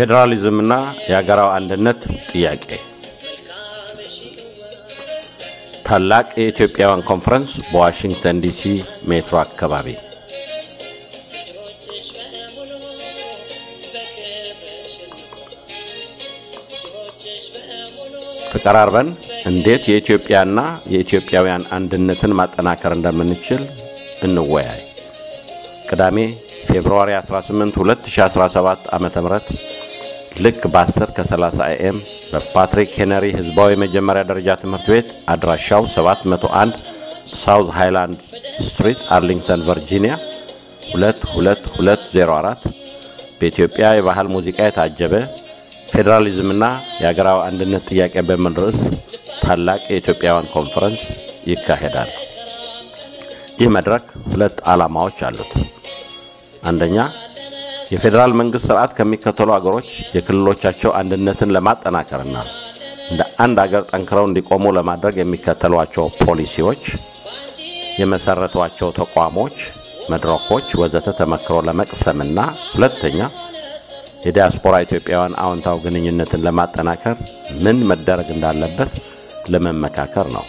ፌዴራሊዝምና የሀገራዊ አንድነት ጥያቄ ታላቅ የኢትዮጵያውያን ኮንፈረንስ በዋሽንግተን ዲሲ ሜትሮ አካባቢ ተቀራርበን እንዴት የኢትዮጵያና የኢትዮጵያውያን አንድነትን ማጠናከር እንደምንችል እንወያይ። ቅዳሜ ፌብርዋሪ 18 2017 ዓ.ም ልክ በ10 ከ30 ኤም በፓትሪክ ሄነሪ ህዝባዊ የመጀመሪያ ደረጃ ትምህርት ቤት አድራሻው 701 ሳውዝ ሃይላንድ ስትሪት አርሊንግተን ቨርጂኒያ 22204 በኢትዮጵያ የባህል ሙዚቃ የታጀበ ፌዴራሊዝምና የሀገራዊ አንድነት ጥያቄ በሚል ርዕስ ታላቅ የኢትዮጵያውያን ኮንፈረንስ ይካሄዳል። ይህ መድረክ ሁለት ዓላማዎች አሉት። አንደኛ የፌዴራል መንግስት ስርዓት ከሚከተሉ አገሮች የክልሎቻቸው አንድነትን ለማጠናከርና እንደ አንድ አገር ጠንክረው እንዲቆሙ ለማድረግ የሚከተሏቸው ፖሊሲዎች፣ የመሰረቷቸው ተቋሞች፣ መድረኮች ወዘተ ተመክሮ ለመቅሰምና ሁለተኛ የዲያስፖራ ኢትዮጵያውያን አዎንታው ግንኙነትን ለማጠናከር ምን መደረግ እንዳለበት ለመመካከር ነው።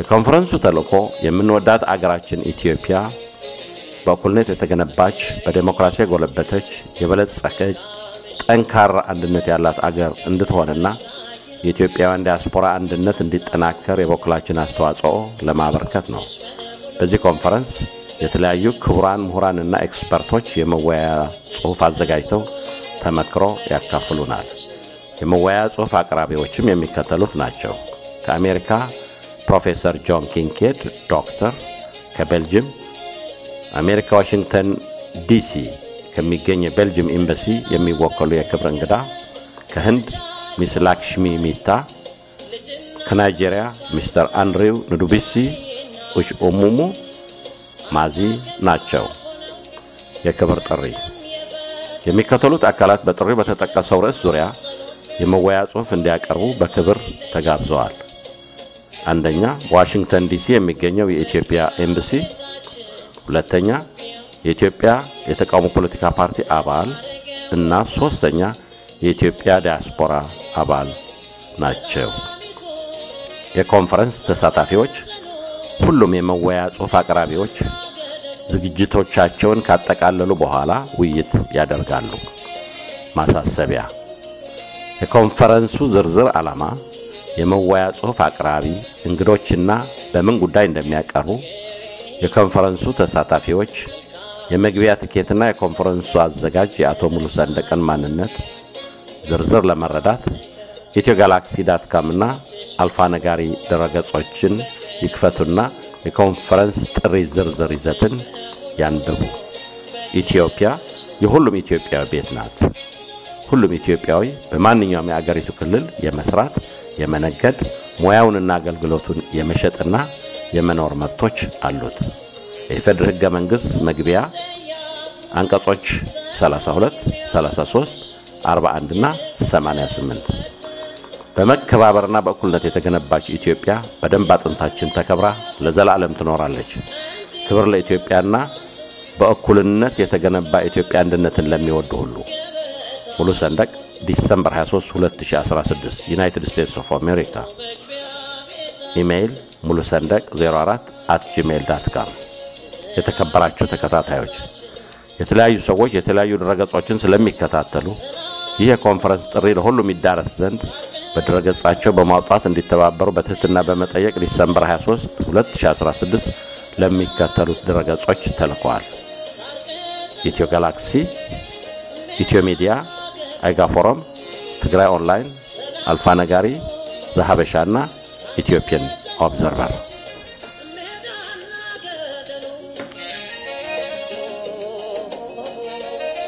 የኮንፈረንሱ ተልዕኮ የምንወዳት አገራችን ኢትዮጵያ በእኩልነት የተገነባች በዴሞክራሲ የጎለበተች የበለጸገች ጠንካራ አንድነት ያላት አገር እንድትሆንና የኢትዮጵያውያን ዲያስፖራ አንድነት እንዲጠናከር የበኩላችን አስተዋጽኦ ለማበርከት ነው። በዚህ ኮንፈረንስ የተለያዩ ክቡራን ምሁራንና ኤክስፐርቶች የመወያያ ጽሑፍ አዘጋጅተው ተመክሮ ያካፍሉናል። የመወያያ ጽሑፍ አቅራቢዎችም የሚከተሉት ናቸው። ከአሜሪካ ፕሮፌሰር ጆን ኪንኬድ ዶክተር፣ ከቤልጅም አሜሪካ ዋሽንግተን ዲሲ ከሚገኝ የቤልጅየም ኤምባሲ የሚወከሉ የክብር እንግዳ ከህንድ ሚስ ላክሽሚ ሚታ፣ ከናይጄሪያ ሚስተር አንድሪው ንዱቢሲ ኦሙሙ ማዚ ናቸው። የክብር ጥሪ የሚከተሉት አካላት በጥሪው በተጠቀሰው ርዕስ ዙሪያ የመወያ ጽሑፍ እንዲያቀርቡ በክብር ተጋብዘዋል። አንደኛ በዋሽንግተን ዲሲ የሚገኘው የኢትዮጵያ ኤምባሲ ሁለተኛ የኢትዮጵያ የተቃውሞ ፖለቲካ ፓርቲ አባል እና ሶስተኛ የኢትዮጵያ ዲያስፖራ አባል ናቸው። የኮንፈረንስ ተሳታፊዎች ሁሉም የመወያ ጽሑፍ አቅራቢዎች ዝግጅቶቻቸውን ካጠቃለሉ በኋላ ውይይት ያደርጋሉ። ማሳሰቢያ፣ የኮንፈረንሱ ዝርዝር ዓላማ የመወያ ጽሑፍ አቅራቢ እንግዶችና በምን ጉዳይ እንደሚያቀርቡ የኮንፈረንሱ ተሳታፊዎች፣ የመግቢያ ትኬትና የኮንፈረንሱ አዘጋጅ የአቶ ሙሉ ሰንደቀን ማንነት ዝርዝር ለመረዳት ኢትዮ ጋላክሲ ዳትካምና አልፋ ነጋሪ ድረገጾችን ይክፈቱና የኮንፈረንስ ጥሪ ዝርዝር ይዘትን ያንብቡ። ኢትዮጵያ የሁሉም ኢትዮጵያዊ ቤት ናት። ሁሉም ኢትዮጵያዊ በማንኛውም የአገሪቱ ክልል የመስራት የመነገድ ሙያውንና አገልግሎቱን የመሸጥና የመኖር መብቶች አሉት። የፌደራል ህገ መንግስት መግቢያ አንቀጾች 32፣ 33፣ 41 እና 88 በመከባበርና በእኩልነት የተገነባች ኢትዮጵያ በደንብ አጥንታችን ተከብራ ለዘላለም ትኖራለች። ክብር ለኢትዮጵያና በእኩልነት የተገነባ ኢትዮጵያ አንድነትን ለሚወዱ ሁሉ። ሙሉ ሰንደቅ ዲሰምበር 23 2016 ዩናይትድ ስቴትስ ኦፍ አሜሪካ ኢሜይል ሙሉ ሰንደቅ 04 አት ጂሜል ዳት ካም። የተከበራችሁ ተከታታዮች የተለያዩ ሰዎች የተለያዩ ድረገጾችን ስለሚከታተሉ ይህ የኮንፈረንስ ጥሪ ለሁሉም ይዳረስ ዘንድ በድረገጻቸው በማውጣት እንዲተባበሩ በትህትና በመጠየቅ ዲሰምበር 23 2016 ለሚከተሉት ድረገጾች ተልከዋል። ኢትዮ ጋላክሲ፣ ኢትዮ ሚዲያ፣ አይጋ ፎረም፣ ትግራይ ኦንላይን፣ አልፋ ነጋሪ፣ ዘሀበሻ እና ኢትዮጵያን observer.